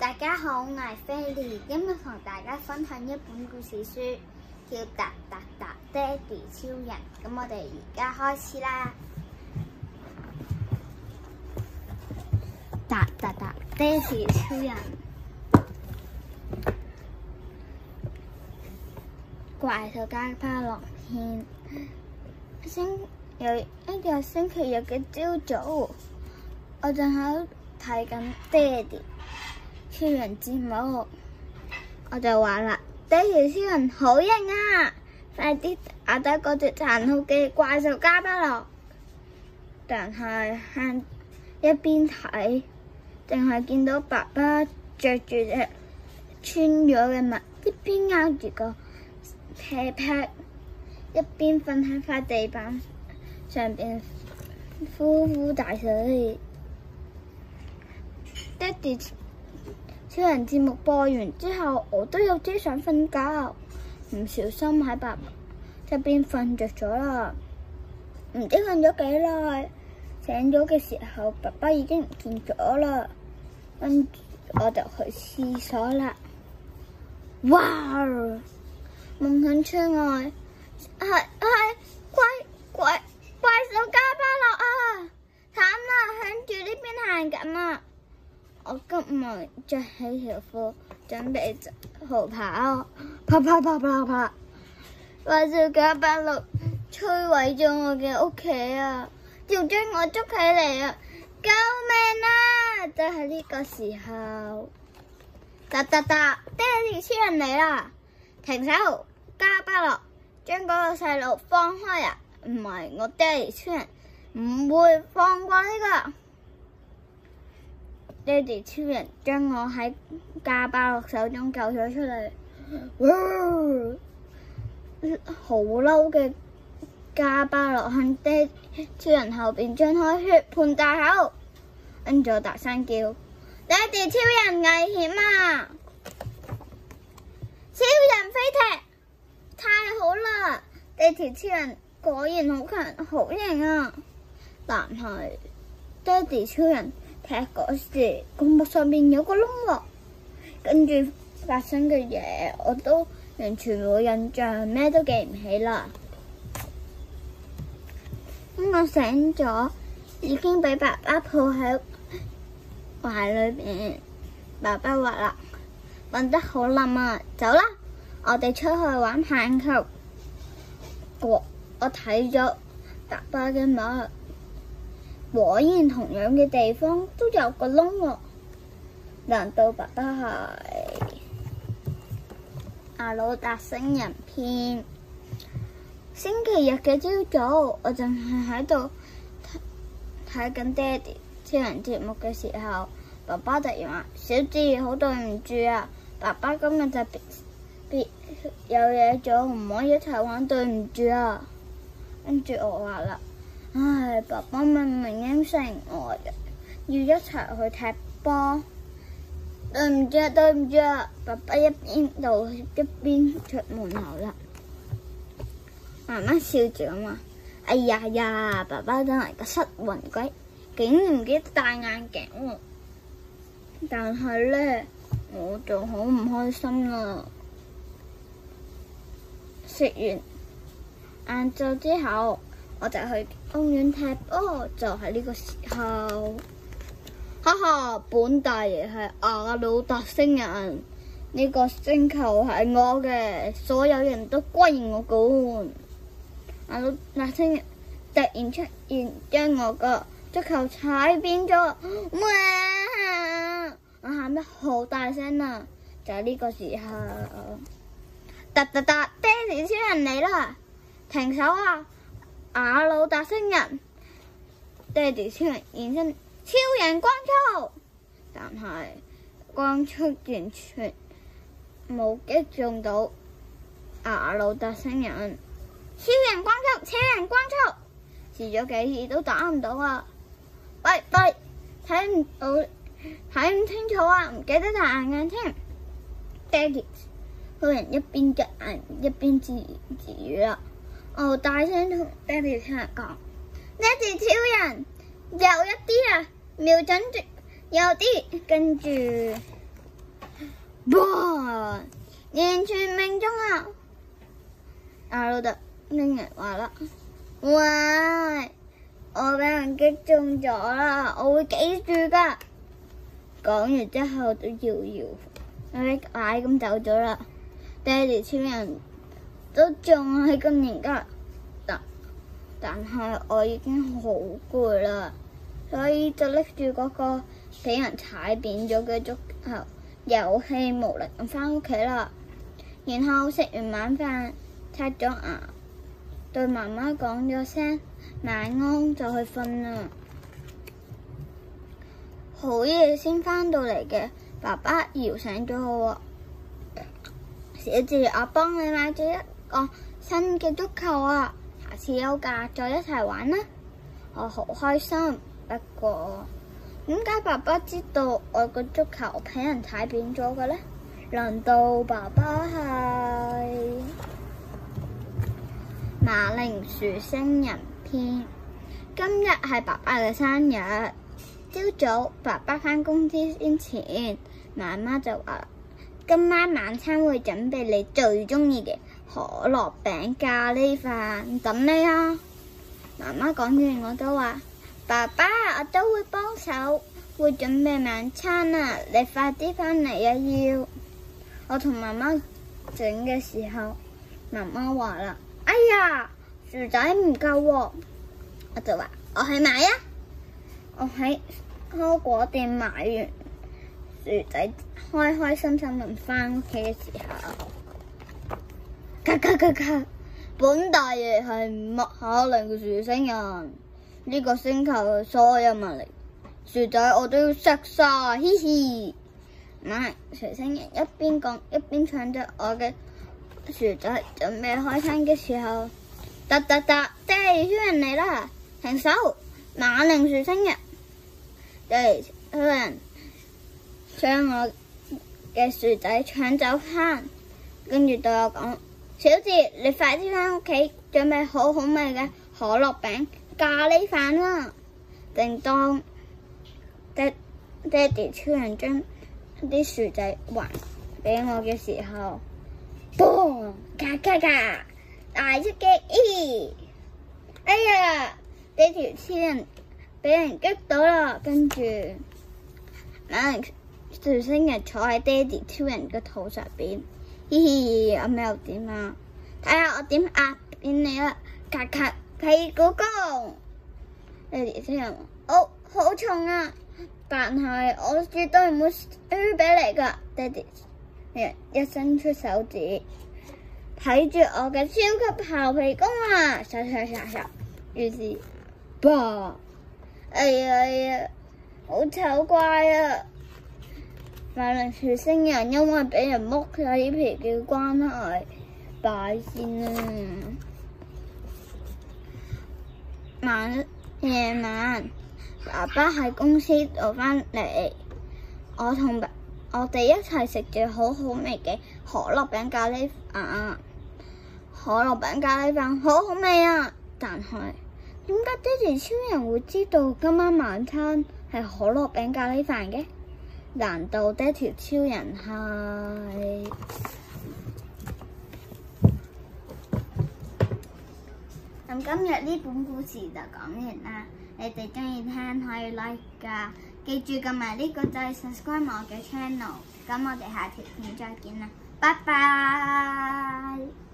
大家好，我係 Fely，今日同大家分享一本故事書，叫《達達達，達，達爹地超人》。咁我哋而家開始啦，《達達達爹地超人》，怪就加翻落天，星有一日星期日嘅朝早，我仲喺睇緊爹地。超人之母，我就話啦，爹哋超人好型啊！快啲阿得嗰隻殘酷嘅怪獸加不落。但係喺一邊睇，淨係見到爸爸着住隻穿咗嘅襪，一邊咬住個屁屁，一邊瞓喺塊地板上邊呼呼大睡。爹哋超人節目播完之後，我都有啲想瞓覺，唔小心喺爸爸入邊瞓着咗啦。唔知瞓咗幾耐，醒咗嘅時候，爸爸已經唔見咗啦。跟住我就去厠所啦。哇！夢想出外，哎、啊、哎！啊着起條褲，準備逃跑。啊，啪啪啪啪啪！壞笑加不落摧毀咗我嘅屋企啊，仲將我捉起嚟啊！救命啊！就喺、是、呢個時候，噠噠噠，爹地超人嚟啦！停手，加不落，將嗰個細路放開啊！唔係我爹地超人，唔會放過呢、這個。爹哋超人將我喺加百樂手中救咗出嚟，好嬲嘅加百樂向爹超人後邊張開血盆大口，跟住大聲叫：爹哋超人危險啊！超人飛踢太好啦！爹哋超人果然好強，好型啊！但係爹哋超人。踢嗰時，胳膊上面有個窿喎、啊，跟住發生嘅嘢，我都完全冇印象，咩都記唔起啦。咁、嗯、我醒咗，已經畀爸爸抱喺懷裏邊。爸爸話啦：瞓得好冧啊，走啦，我哋出去玩排球。哦、我我睇咗爸爸嘅帽。果然同樣嘅地方都有個窿喎、哦，難道爸爸係阿魯達星人片？星期日嘅朝早，我正係喺度睇睇緊爹哋超人節目嘅時候，爸爸突然話：小智，好對唔住啊！爸爸今日特別別有嘢做，唔可以一齊玩，對唔住啊！跟住我話啦。唉，爸爸明明應承我，要一齊去踢波。對唔住，對唔住，爸爸一邊到一邊出門口啦。媽媽笑住咁話：哎呀呀，爸爸真係個失魂鬼，竟然唔記得戴眼鏡喎。但係咧，我就好唔開心啦。食完晏晝之後。我就去公園踢波，就喺、是、呢個時候，哈哈！本大爺係阿魯達星人，呢、這個星球係我嘅，所有人都歸我管。阿魯達星人突然出現，將我個足球踩扁咗，哇！我喊得好大聲啊！就喺、是、呢個時候，噠噠噠，爹地超人嚟啦！停手啊！阿魯達星人，爹地超人現身，超人光速，但係光速完全冇擊中到阿魯達星人，超人光速，超人光速，試咗幾次都打唔到啊！喂喂，睇唔到，睇唔清楚啊！唔記得戴眼鏡添，爹地，超人一邊眨眼一邊自言自語啦。我、oh, 大聲同爹哋聽人講，爹哋超人有一啲啊，瞄準住，有啲跟住嘩，完全命中啊！阿老豆聽人話啦，喂，我俾人擊中咗啦，我會記住㗎。講完之後就搖搖擺擺咁走咗啦，爹哋超人。都仲係咁年格，但但係我已經好攰啦，所以就拎住嗰個俾人踩扁咗嘅足球，有氣無力咁返屋企啦。然後食完晚飯，刷咗牙，對媽媽講咗聲晚安就去瞓啦。 好夜先返到嚟嘅，爸爸搖醒咗我。小智，我幫你買咗一。個、哦、新嘅足球啊！下次休假再一齊玩啦。我、哦、好開心，不過點解爸爸知道我個足球俾人踩扁咗嘅呢？難道爸爸係馬鈴薯星人？篇？今日係爸爸嘅生日。朝早爸爸翻工之前，媽媽就話今晚晚餐會準備你最中意嘅，可樂餅咖喱飯，等你啊！媽媽講完，我都話：爸爸，我都會幫手，會準備晚餐啊！你快啲翻嚟啊！要我同媽媽整嘅時候，媽媽話啦：哎呀，薯仔唔夠啊，我就話：我去買啊！我喺蔬果店買完薯仔，開開心心咁翻屋企嘅時候。嘎嘎嘎嘎！本大爺係馬鈴薯星人，呢個星球所有物力薯仔我都要食晒，嘻嘻。馬鈴薯星人一邊講一邊搶咗我嘅薯仔，準備開餐嘅時候，噠噠噠，爹地超人嚟啦！停手！馬鈴薯星人嚟，爹地超人將我嘅薯仔搶走翻，跟住對我講。小智，你快啲翻屋企，準備好好味嘅可樂餅、咖喱飯啦，定當爹爹哋超人將啲薯仔還俾我嘅時候，boom！咔咔咔，大出擊！哎呀，爹哋超人俾人擊到啦，跟住馬鈴薯星人坐喺爹地超人嘅肚上邊。嘻嘻，阿媽又點看看啊？睇下我點壓扁你啦！咔咔屁股功！爹哋聽，好、哦，好重啊！但係我絕對唔會輸俾你噶，爹地，一伸出手指，睇住我嘅超級爆皮功啊！噠噠噠噠，於是啵，哎呀哎呀，好醜怪啊！可能超星人因為俾人剝曬啲皮嘅關係，敗線啦。晚，夜晚，爸爸喺公司度翻嚟，我同我哋一齊食住好好味嘅可樂餅咖喱飯。可樂餅咖喱飯好好味啊！但係點解爹哋超人會知道今晚晚餐係可樂餅咖喱飯嘅？難道爹地超人係？咁今日呢本故事就講完啦。你哋中意聽可以 like 㗎。記住，撳埋呢個就係 subscribe 我嘅 channel。咁我哋下條片再見啦，拜拜。